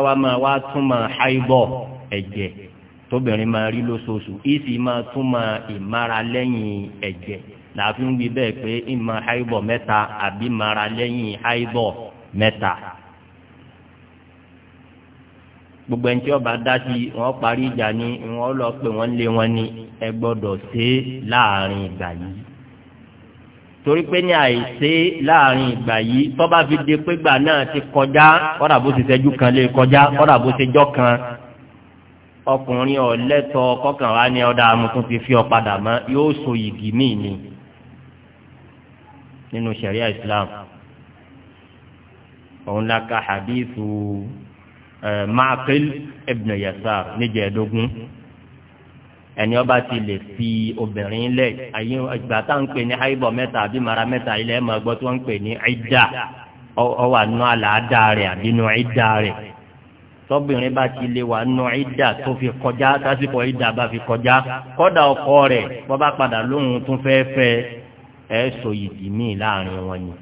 wa ma wá tún máa háìbọ̀ ẹ̀jẹ̀ tóbìnrin máa rí lóṣooṣù ìsì máa tún máa ìmára lẹ́yìn ẹ̀jẹ̀ làáfin wí bẹ́ẹ̀ pé ìmọ̀ háìbọ̀ mẹ́ta àbí mara lẹ́yìn háìbọ̀ mẹ́ta. gbogbo ẹni tí ó bá dá sí parí ìjà ni wọn lọ pé won lé wọn ní egbodo gbọ́dọ̀ ṣe láàrin ìgbà yìí torí pé ní àìsí láàrin ìgbà yìí tó bá fi de pé gbà náà ti kọjá kọ́dà bó ti ṣẹ́jú kan lè kọjá kọ́dà bó ti jọ́ kan ọkùnrin ọ̀lẹ́tọ̀ kọ́kàn wá ní ọ̀dà amútún ti fi ọ̀padà mọ́ yóò so yìgì míì ni nínú sẹ̀ríà Islam òun la ka hadithu eh, Ma'qil ibn Yasar níjẹ̀ẹ́dógún ẹni ọba ti lè fi obìnrin lẹ ayé ìgbà tá ń pè ní haibọ mẹ́ta àbí mara mẹ́ta ilẹ̀ ẹ̀mọ́ ẹgbọ́ tí wọ́n ń pè ní ẹ̀dá ọwà nù àlàáda rẹ̀ àbí nù ẹ̀dá rẹ̀ tọ́bìnrin bá ti lè wà nù ẹ̀dá tó fi kọjá sásìkò ẹ̀dá bá fi kọjá kọ́dà ọkọ rẹ̀ wọ́n bá padà lóhun tún fẹ́ fẹ́ ẹ̀ sọ yìí mí láàrin wọn ni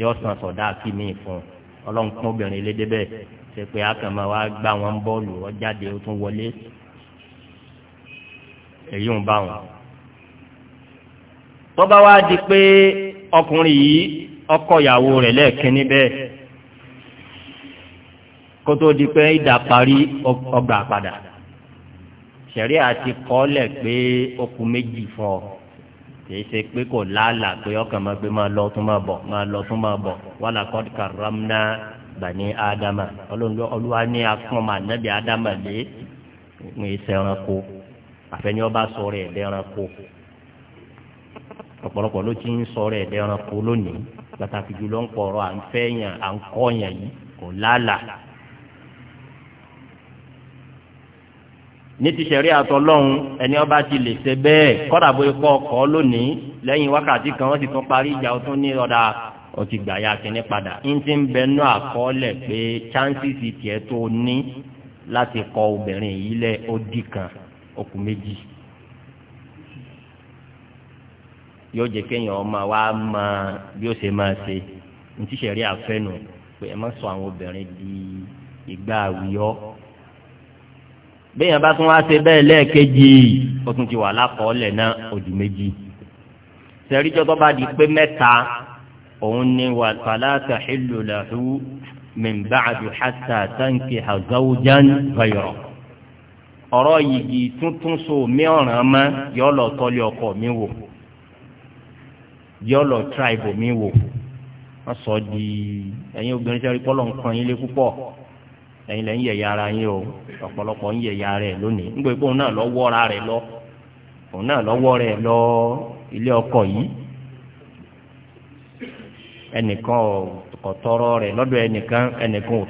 yóò san sọ̀dá kí mi fún ọlọ́nkún obìnrin lédè bẹ́ẹ̀ ṣe pé akàmọ́ wa gbá wọn bọ́ọ̀lù ọjáde ó tún wọlé èyí ń bá wọn. tó bá wá di pé ọkùnrin yìí ọkọ ìyàwó rẹ̀ lẹ́ẹ̀kínní bẹ́ẹ̀ kó tó di pé ìdá parí ọgbà padà sẹ̀rí àti kọ́lẹ̀ pé okùn méjì fún ọ kìí ṣe pé kò láàlà pé ọkàn máa gbé máa lọ tún máa bọ̀ máa lọ tún máa bọ̀ wàlà kọ́ karamna bani adama ọlọ́run olúwa ní akọ́mọ ànábì adama lé ń ṣe ẹranko àfẹni ọba sọ̀rọ̀ ẹ dẹranko ọ̀pọ̀lọpọ̀ ló ti ń sọ̀rọ̀ ẹ dẹranko lónìí pàtàkì jùlọ ń pọrọ à ń fẹyàn à ń kọyàn yìí kò lálà. ní ti sẹ̀rí àtọ́lọ́hún ẹni ọba ti lè ṣe bẹ́ẹ̀ kọ́dà bó ikọ́ ọkọ̀ lónìí lẹ́yìn wákàtí kan wọ́n ti tún parí ìjà ọtún ní ọ̀dà ọtí gbàyà kìíní padà ń ti ń bẹnu àkọọ́lẹ̀ pé chances tiẹ̀ tó ní láti kọ obìnrin yìí lẹ̀ ó dì kan ọkù méjì yóò jẹ kéèyàn ọmọ wa máa bí ó ṣe máa ṣe ntí sẹ̀rí àfẹnù pé ẹ má sọ àwọn obìnrin di ìgbà àwùyọ béèyàn bá tún wá ṣe bẹ́ẹ̀ lẹ́ẹ̀kejì ó tún ti wà lákọọ́lẹ̀ náà òdì méjì sẹ̀rí jọ́tọ́ bá di pé mẹ́ta òun ni wà fàlàtà ìlú làhú min ba'du hatta tankiha zawjan ọ̀rọ̀ yìí tuntun so mi ọ̀ràn mọ́ yọ lọ ọkọ mi wò yọ lọ mi wò wọ́n sọ di ẹ̀yin obìnrin sẹ́rí pọ́lọ́ nǹkan yín púpọ̀ ẹ̀yin lẹ́yìn yẹ̀yà ara yín o ọ̀pọ̀lọpọ̀ ń yẹ̀yà rẹ̀ lónìí náà ọkọ yìí ẹnìkan rẹ̀ lọ́dọ̀ ẹnìkan ẹnìkan ò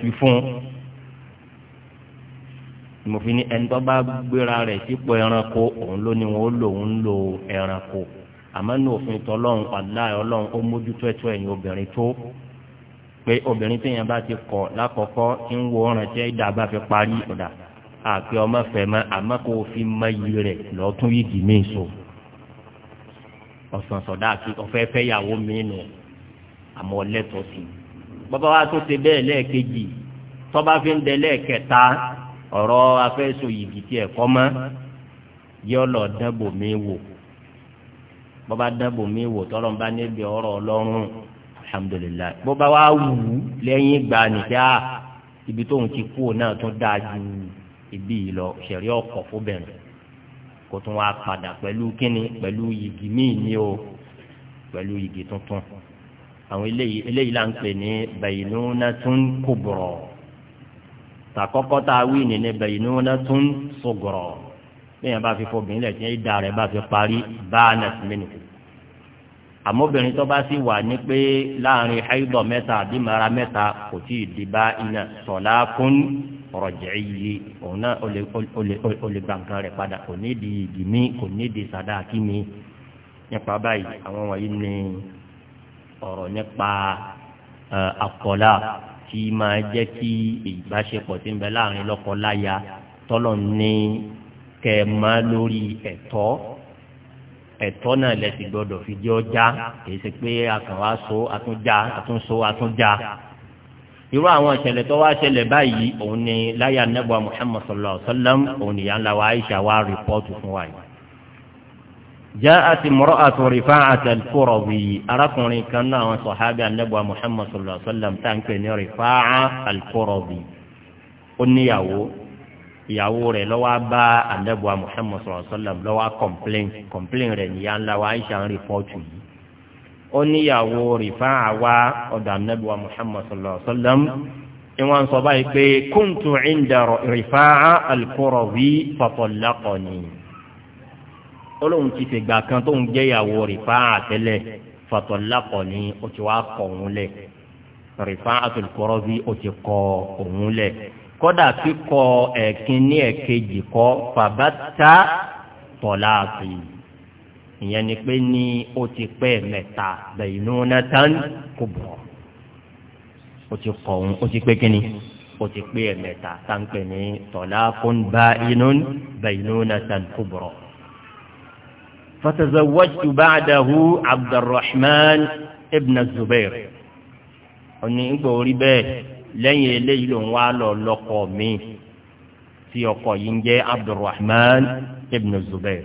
mo fi ní ẹni tó bá gbéra rẹ̀ sípò ẹranko òun ló ní wọn ó lò ń lo ẹranko àmọ́ ní òfin tọ́lọ́run padà ọlọ́run ó mójútó ẹ̀tọ́ ẹ̀yìn obìnrin tó pé obìnrin téèyàn bá ti kọ̀ lákọ̀ọ́kọ́ tí ń wo ọ̀ràn tí ìdá bá fi parí ọ̀dà àpè ọmọ fẹ̀mọ́ àmọ́ kó o fi mọ iyì rẹ̀ lọ́tún yìí mí so ọ̀sán sọ̀dá àti ọ̀fẹ́ fẹ́yàwó mi nù àmọ́ lẹ́tọ̀ọ́ sí i bàbá wa tó ṣe bẹ́ẹ̀ ọ̀rọ̀ afẹ́sọ yìí ti ẹ̀kọ́ mọ́ yọ lọ dábò mi wò bọ́ba dábò mi wò tọ́lọ́ bá níbi ọ̀rọ̀ ọlọ́run alhamdulilayi bọ́ba wa wù ú lẹ́yìn ìgbà nìjà ah, ibi tóun ti kú náà tún dáa ju ibi yìí lọ ṣẹ̀rí ọkọ̀ fóbẹ̀rẹ̀ kó tún wá padà pẹ̀lú kínní pẹ̀lú yìgì míì ní o pẹ̀lú yìgì tuntun àwọn eléyìí là ń pè ní bẹ̀yìnú náà tún kò bọ̀rọ̀ tàkọ́kọ́ tá a wí ní níbẹ̀ yìí ní wọn náà tún sọ̀gọ̀rọ̀ bẹ́ẹ̀ bá fi fọbìnrin lẹ̀ tí ìdá rẹ̀ bá fi parí báànà mẹ́nu. àmọ́bìnrin tó bá sì wà ní pé láàrin haidọ̀ mẹ́ta àbí mara mẹ́ta kò tí ì di bá iná sọ̀lá kún rọ̀jẹ̀ yìí òun náà ó lè gba nǹkan rẹ̀ padà kò ní di igi mi kò ní di sàdáàkì mi nípa báyìí àwọn wọ̀nyí ni ọ̀rọ̀ nípa àkọlá tí máa jẹ́ kí ìbáṣepọ̀ tí ń bẹ láàrin lọ́kọ-láya tọ́lọ̀ ní kẹ́ ẹ má lórí ẹ̀tọ́ ẹ̀tọ́ náà lẹ́sìn gbọ́dọ̀ fi jẹ́ ọjà kì í ṣe pé akàn wá so àtúnjà àtúnso àtúnjà irú àwọn ìṣẹ̀lẹ̀ tó wá ṣẹlẹ̀ báyìí òun ni láyà nẹ́bọ̀ Muhammad sallallahu alayhi wa sallam òun nìyà ńlá wa Aisha wa rìpọ́ọ̀tù fún wa yìí جاءت امرأة رفاعة الكروي أراكم كنا وصحابة النبوة محمد صلى الله عليه وسلم تنكني رفاعة الكروي قلني ياو ìyàwó rẹ̀ lọ́wọ́ bá àdẹ́bùwà muhammed sọ̀rọ̀ sọ́lẹ̀m lọ́wọ́ kọ̀mplain kọ̀mplain rẹ̀ níyà ńlá wa aisha ń rìpọ́tù yìí ó níyàwó rìfá àwa ọ̀dọ̀ àdẹ́bùwà muhammed sọ̀rọ̀ sọ́lẹ̀m ni wọ́n sọ báyìí pé kóńtù ìndà rìfá alukóró wí fọ̀fọ̀lákọ̀ nìyí olóhùn ti fìgbà kan tó ń jẹ́ ìyàwó rìfá àtẹ́lẹ̀ fatọ̀lápọ̀ ni ó ti wá kọ̀ òun lẹ̀ rìfá àtòlùkọ́rọ́ bí ó ti kọ òun lẹ̀ kódà kíkọ ẹ̀kínní ẹ̀kejì kọ́ fàbátà tọ̀láàtì ìyẹn ni pé ní ó ti pẹ́ mẹ́ta bẹ̀yìnú nẹ́tàn kò bọ̀ ó ti kọ̀ òun ó ti pé kínní ó ti pé mẹ́ta táǹpẹ̀ ní tọ̀láàkùn bá inú bẹ̀yìnú nẹ́tàn kò bọ̀ fatazawwajtu ba'dahu abdulrahman ibn zubair òní ń gbòòrí bẹ́ẹ̀ lẹ́yìn eléyìí ló ń wá lọ lọ́kọ mi tí ọkọ yìí ń jẹ́ abdulrahman ibn zubair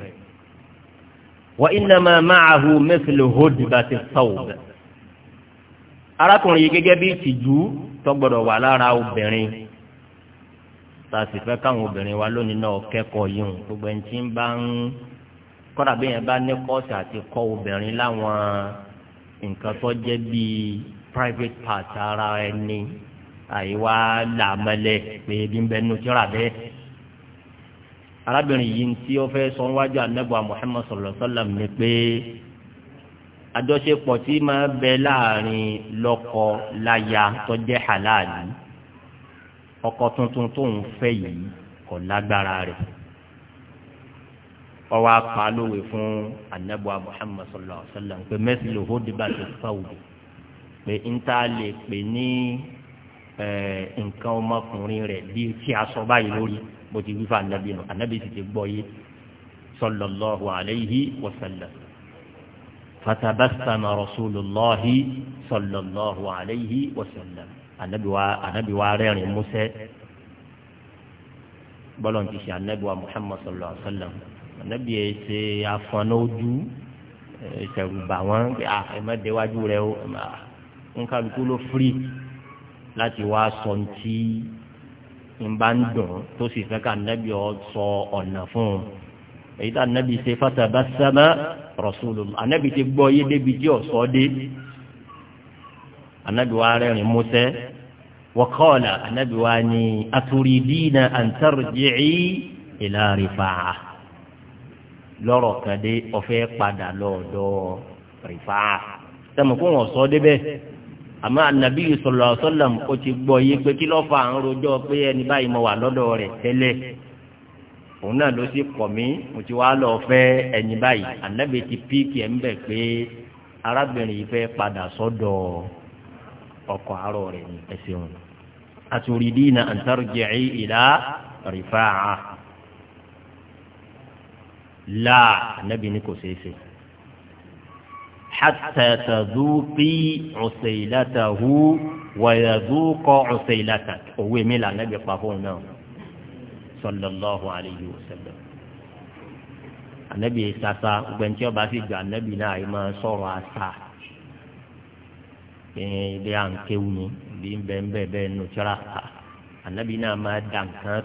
wa innama ma'ahu mithlu hudbati thawb arákùnrin yìí gẹ́gẹ́ bí ìtìjú tó gbọ́dọ̀ wà lára obìnrin tá a sì fẹ́ káwọn obìnrin wa lónìí náà kẹ́kọ̀ọ́ yìí gbogbo ẹni tí ń bá ń kọ́dà bí yẹn bá ní kọ́ọ̀sì àti kọ́ obìnrin láwọn nǹkan tó jẹ́ bíi private part ara ẹni àyíwá làmọ́lẹ̀ pé bí ń bẹ nu tíra bẹ́ẹ̀. arábìnrin yìí tí ó fẹ́ sọ wájú anábọ̀ Muhammad sallallahu alaihi wasallam pé àjọṣepọ̀ tí máa bẹ láàrin lọ́kọ láya tó jẹ́ halali ọkọ tuntun tó ń fẹ́ yìí kò lágbára rẹ̀ ọwọ́ apá lówe fún anabu muhammad sallallahu alaihi wa sallam pé mẹ́sì ló hóde bá ti fáwùdù pé n ta lè pè ní nǹkan ọmọkùnrin rẹ̀ bí kí a sọ báyìí lórí bó ti wí fún anabi nù anabi sì ti gbọ́ yé sallallahu alaihi wa sallam fatabasama rasulillahi sallallahu alaihi wa sallam anabi wa rẹ́rìn músẹ́ bọ́lọ̀ ti ṣe anabi wa muhammad sallallahu alaihi wa sallam ànábì ẹ ṣe afọnójú ìṣẹ̀rùbà wọn à ẹ má déwájú rẹ o nkàlùkù ló firi láti wá sọ ntí n bá ń dùn tó sì fẹ́ ká ànábì ọ sọ ọ̀nà fún un èyí tá ànábì ṣe fatabasama rasulullah ànábì ti gbọ́ yé débi tí ọ̀ sọ́ dé ànábì wa rẹ́rìn músẹ́. وقال النبي واني أتريدين أن ترجعي إلى رفاعة lọ́rọ̀ kan dé ọ̀fẹ́ padà lọ́ọ̀dọ̀ rìfà sẹ́mu kó wọ́n sọ débẹ̀ àmọ́ anabi sọlọ sọlọm ó ti gbọ́ yí pé kí ló fa àwọn rojọ́ pé ẹni báyìí mo wà lọ́dọ̀ rẹ̀ tẹ́lẹ̀ òun náà ló sì kọ̀ mí mo ti wá lọ fẹ́ ẹni báyìí anabi ti píìkì ẹ̀ ń bẹ̀ pé arábìnrin yìí fẹ́ padà sọ́dọ̀ ọkọ àárọ̀ rẹ̀ ní wọn. àtúrídìí na àǹtàrùjẹ̀ ìlà rìfà á láà ànábì ní kò ṣeé ṣe. حتى تذوقي عسيلته ويذوق عسيلتك òwe mi là ànábì pa fún náà sallallahu alayhi wa sallam ànábì sasa gbẹ̀ntì ọba sì gbà ànábì náà yìí máa sọ̀rọ̀ àṣà ilé à ń kéwu bí bẹ́ẹ̀ bẹ́ẹ̀ bẹ́ẹ̀ nù tíra ànábì náà máa dà nǹkan